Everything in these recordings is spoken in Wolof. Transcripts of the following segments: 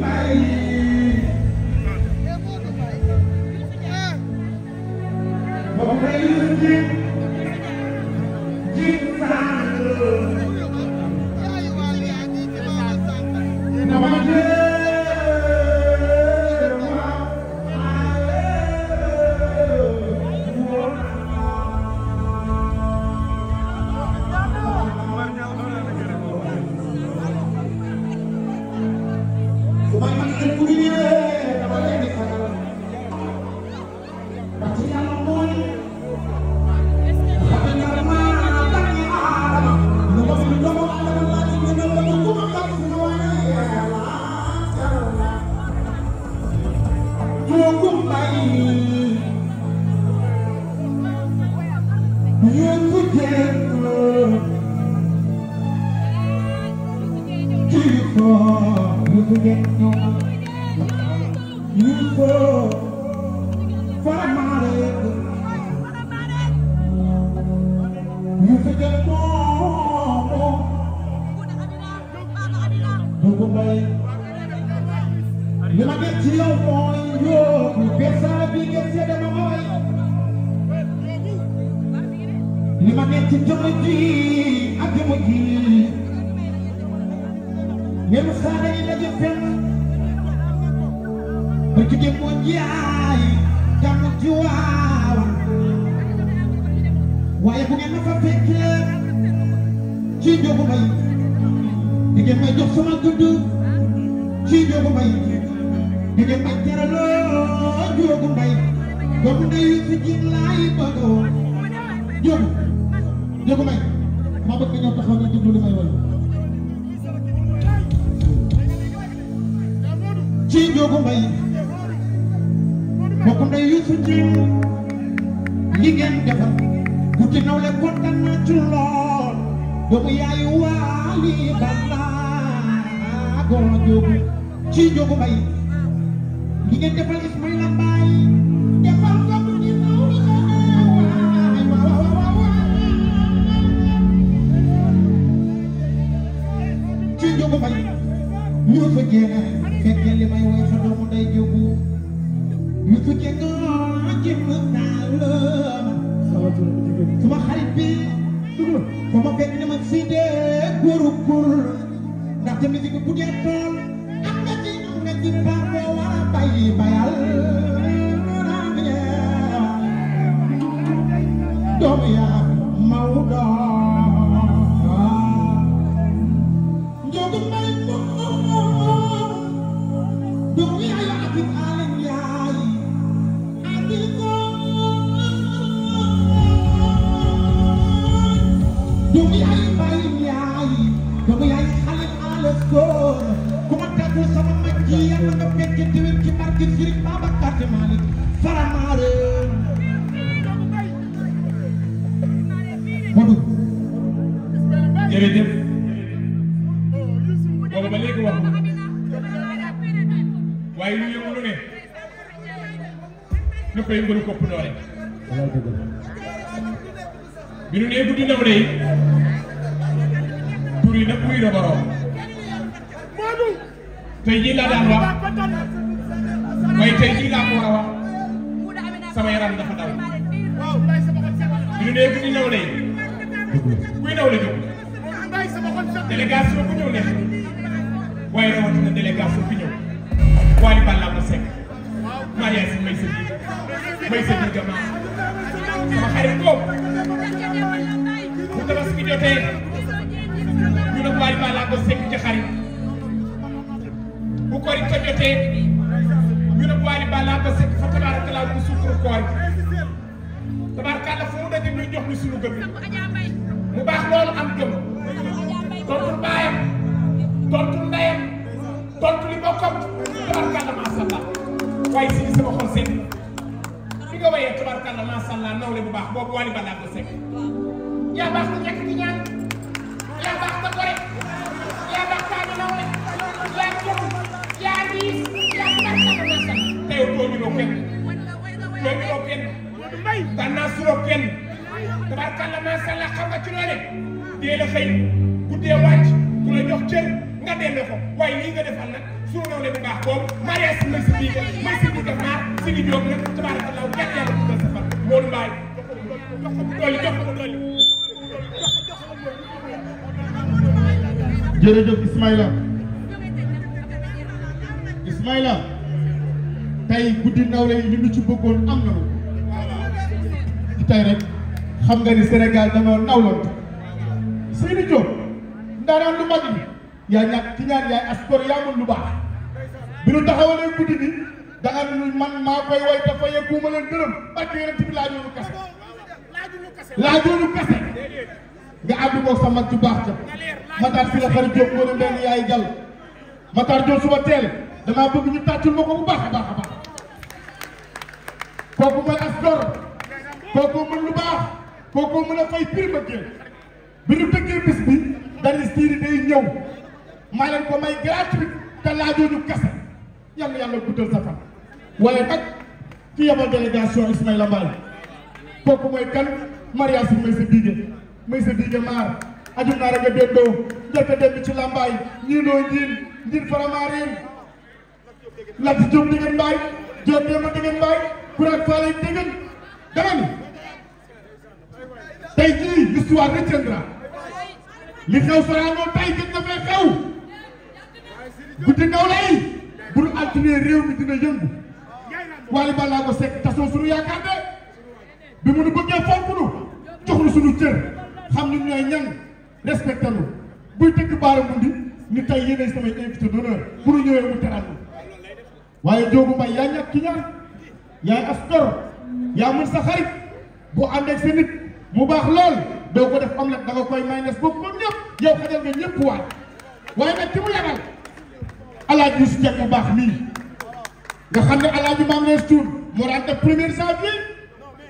Bye. li ma nekk ci jamono ji ak jamono ji même xale yi daje fenn ba ci moo jaay jàmm ci waaye bu ngeen ma fa fekkee ci njóobu may di may jox sama gudd ci njóobu may di may teraloo njóobu may doomu ndeyu si jiin laay bëggoo njóobu njóobu may ma bëgg ñoo taxaw nga déglu li may wax ci Ndiogu Mbaye mbokk ndey Youssou Ndim li ngeen defar ku ci nawle kontaan na ci lool doomu yaay waali balaa góor a ci Ndiogu Mbaye li ngeen defal Ismaïla Mbaye defal ko mu ngi naw ci Ndiogu Mbaye ñu fa fekke li may woy sa doomu day jógu mu fukke noona jëmm naa la suma xarit bi fa ma fekk ne ma si dee góoru góor ndaxte musique bu dee tool am nga ci am nga ci part boo war a bàyyi bayal doomu yaa maw doom sama mag ji yàlla nga fekke déwén ci barke Sëriñ Babacar Si Maalik faramaare Modou jërëjëf boobu ba léegi wax waaye ñu yëngu lu ne ñu koy yëngu lu kopp doole bi ñu nee guddi ndaw de tur yi nag muy rabaroo tey jii laa daan wax waaye tey jii laa ko war a wax sama yaram dafa daw ñu ne bu ñu ñëw de kuy ñëw la jóg délégation bu ñëw nekk waaye rawatina délégation bi ñëw waaye balaa ma sekk maa yaay si may sa biir may sa biir gamaa sama xarit boobu bu tabaski jotee ñu ne waaye balaa ma sekk ci xarit. bu koor it a jotee ñu ne bu waa ni balaa ba sekk fa tabaarakalaa bu suukaru koor tabaarakalaa fu mu daje ñu jox ñu suñu gëm mu baax loolu am jom tontu baayam tontu ndeyam tontu li bokkam tabaarakalaa maa sha waaye si sama xol seen bi nga wayee tabaarakalaa maa sha Allah nawle bu baax boobu waa ni balaa ba loo kenn loo kenn tànnaa suroo kenn tabarkalla macha allah xam nga ci loole dee la xëy guddee wàcc ku la jox cër nga delloo ko waaye lii nga defal nag sunu nawle bu baax boobu mariage si merci bii merci bu def naa si di jóg nag tabarkalla kenn yàlla bu dul safar loolu mbaay jox ko bu dolli jox ko bu dolli jërëjëf Ismaïla Ismaïla tey guddi nawle yi li ñu ci bëggoon am nañu ci tey rek xam nga ni Sénégal dañoo nawloon Seydou Diop ndaanaan lu mag ni yaa ñàkk ci ñaan yaay askor yaa mën lu baax bi nu taxawalee guddi bi da nga man maa koy way dafa yegguuma leen gërëm barke yonent bi laajoonu kase laajoonu kase nga àddu ko sa mag ju baax ca Matar si la xarit Diop moo ne mbenn yaay jàll Matar bëgg ñu tàccul ma ko bu baax baax kooku mooy as gor kooku mën lu baax kooku mën a fay pir bëggee bi ñu tëggee bis bi dari siiri day ñëw maa leen ko may gratuit te laajooñu kese yàlla yàlla guddal sa fan waaye nag ci yabal délégation Ismaïla Mbaye kooku mooy kan mariage may sa diige may sa diige maar aju naa rek a déndoo njëkk a dem ci làmbaay ñiinoo ñiin ñiin faramaariin Lat Diop di ngeen mbaay Diop Demba di mbaay Bourad Fall ay dégg dama ni tey jii l'histoire retiendra li xew Sorano tey gën na xew bu nu altine réew mi dina yëngu Wally Ballago Seck tasoo sunu yaakaar de bi mu nu bëggee fonk nu jox nu sunu cër xam ni ñooy ñan respecté buy tëgg baara mundi ni tey yéenay samay invité d'honneur bu nu ñëwee mu teral waaye Ndiogou Mbaye yaa ñàkk ki ñaar yaay as gor yaa mën sa xarit boo àndeeg sa nit mu baax lool doo ko def omelette da nga koy mayonnaise boobu moom ñëpp yow xajal nga ñëpp waay waaye nag ki mu yaral alaaji Youssou Dieng mu baax nii nga xam ne alaaji Mame Less Thioune moo daan def premier janvier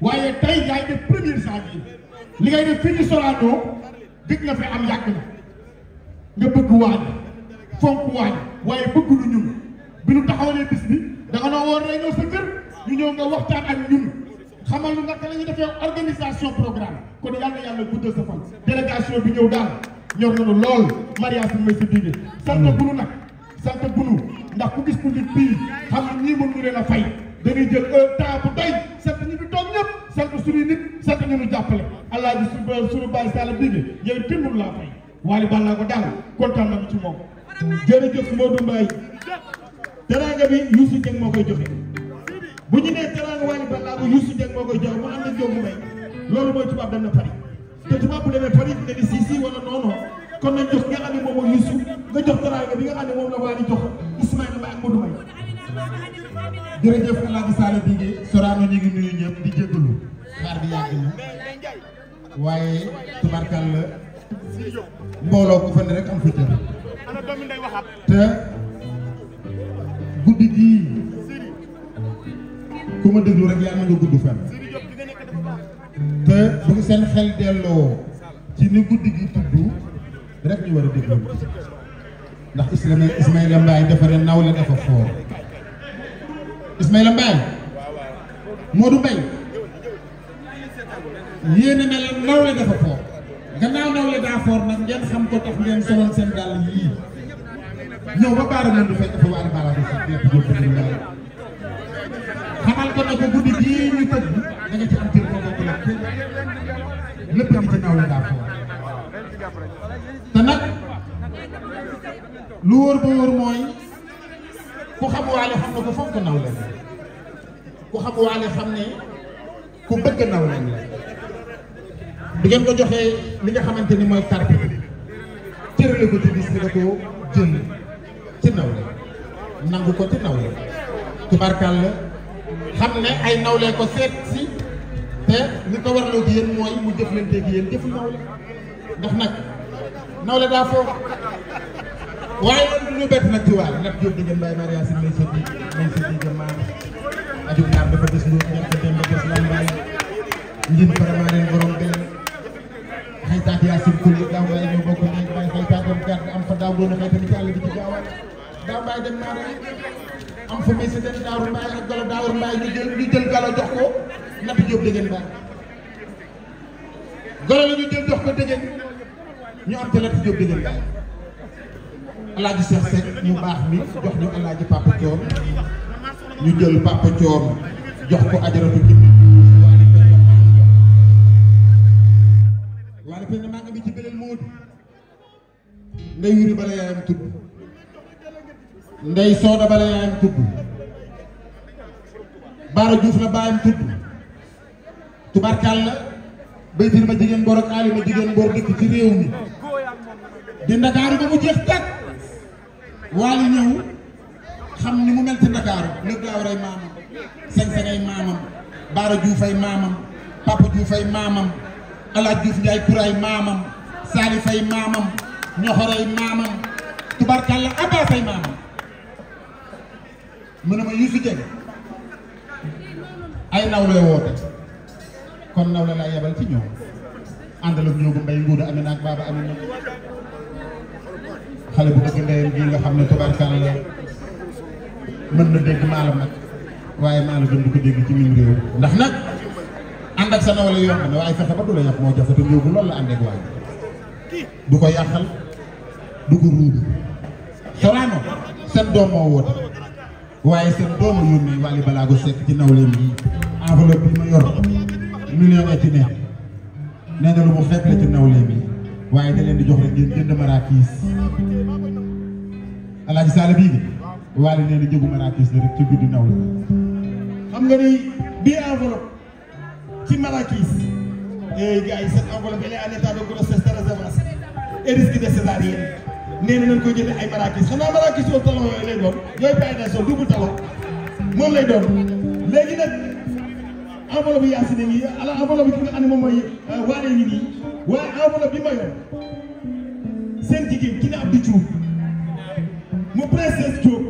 waaye tey yaay def premier janvier li ngay def fii ci Sorano dig nga fi am yàgg na nga bëgg waañ fonk waañ waaye bëgg lu ñun bi nu taxawalee bis bi da noo woon rek ñëw sa kër ñu ñëw nga waxtaan ak ñun xamal nu naka la ñuy defee organisation programme kon yàlla yàlla guddal sa fan délégation bi ñëw daal ñor nañu lool mariage bi may si diine sant bunu mm. nag sant bunu ndax ku gis ku nit bii xam ne ñii mën ñu leen a fay dañuy jël un temps bu doy sant ñi fi toog ñëpp sant suñuy nit sant ñu nu jàppale alaaji su euh, suñu bàyyi salla bii bi yow kenn mënu laa fay waali bal naa ko daal kontaan nañu ci moom jërëjëf Modou Mbaye daraanga bi Youssou Dieng bu ñu nee teranga Wally Ballago Youssou Dieng moo koy joxe mu am na joomu may loolu mooy tubaab dem na Paris te tubaab bu demee Paris nga ni si si wala non non kon nañ jox nga xam ne moom mooy Youssou nga jox teranga bi nga xam ne moom la Wally jox Ismaïla Mbaye ak Modou Mbaye. jërëjëf El Hadj Sall Bigué Sorano ñu ngi nuyu ñëpp di jégalu xaar bi yàgg na waaye tubarkal la mbooloo ko fan rek am fa cër te guddi gii. ku ma déglu rek yàlla na nga gudd fan te bu seen xel delloo ci ni guddi gi tudd rek ñu war a déglu ndax Ismaïla Ismaïla Mbaye dafa ren naw la dafa foor Ismaïla Mbaye Modou yéene na leen naw la dafa foor gannaaw naw daa foor nag ngeen xam ko tax ngeen soloon seen dàll yii ñëw ba baara naan du dafa waar baara du fekk lépp jóg xamal ko ne ko guddi gii ñu a ngi ci naw la daa foofu te nag lu wóor ba wóor mooy ku xam waale xam ne ko fonk naw la ku xam waale xam ne ku bëgg naw la bi ngeen ko joxee li nga xamante ni mooy carte bi cërale ko ci bis bi da ko jël ci naw nangu ko ci naw la xam ne ay nawle ko seet si te li ko warloo ak yéen mooy mu jëflante ak yéen jëfu nawle ndax nag nawle daa foofu waaye loolu du ñu bett nag di ngeen bàyyi Maria Sy may sëddi may sëddi gën maa ajub naar dafa des lu ñàkk dem ba des lan bàyyi njin préparé borom benn xaytaat yaa sim kuli daaw waaye ñoo bokk nañ waaye xaytaat am gàtt am fa daaw doon xaytaat ci àll bi daa mbaay dem naa rek am fa muy si dem Daaru Mbaay ak Galo Daaru Mbaay ñu jël ñu jël Galo jox ko Nabi Diop dëgën baay Galo la ñu jël jox ko dëgën ñu am te Nabi Diop dëgën baay alaaji Seex Seck ñu baax mi jox ñu alaaji Papa Thior ñu jël Papa Thior jox ko ajaratu jëm waaye dafa ne maa ngi ci beneen moodu ngay wuri bala yaayam tudd ndey Sooda Bala yaayam tudd Baara Diouf la baayam tudd tubarkal la baytir ma jigéen bor ak aali jigéen bor dëkk ci réew mi di Ndakaaru ba mu jeex tàkk waali ñëw xam ni mu mel Ndakaaru lépp daa maamam sañ maamam Baara Diouf maamam Papa Diouf maamam Alaaj Diouf Njaay Kuraay maamam Salif maamam Ñoxor maamam tubarkal la Abbas maamam mu ne ma Youssou Dieng ay nawle woote kon nawle laa yebal ci ñoom àndal ak ñoom mbay nguuda amina ak baaba amina xale bu bëgg ndeyam nga xam ne tubaarkàlla mën na dégg maalam nag waaye maalam gën du ko dégg ci mim réew ndax nag ànd ak sa nawle yomb na waaye fexe ba du la yàq moo jafe te ñëw bu loolu la ànd ak waaye du ko yàqal du ko ruubi solaano seen doom moo woote waaye seen doomu yónnee Wally Ballago Seck ci nawleem yi enveloppe bi ma yor million ci ne nee na lu mu fekk la ci nawleem yi waaye da leen di jox rek ngeen jënd maraakis alaaji saala bii gi Wally nee na jëgu maraakis la rek ci guddi nawle xam nga ni bii enveloppe ci maraakis eh gars yi cette enveloppe elle est en état de grossesse très avancée et risque de césarienne nee na nañ koy jënd ay marakis xanaa marakis yoo talon yooyu lay doon yooyu PNS double talon moom lay doon léegi nag enveloppe bi yaasi nañ ala enveloppe bi ki nga xam ne moom mooy euh, waane nit yi waaye enveloppe bi ma seen jigéen ki ne di Diouf mu princesse Diop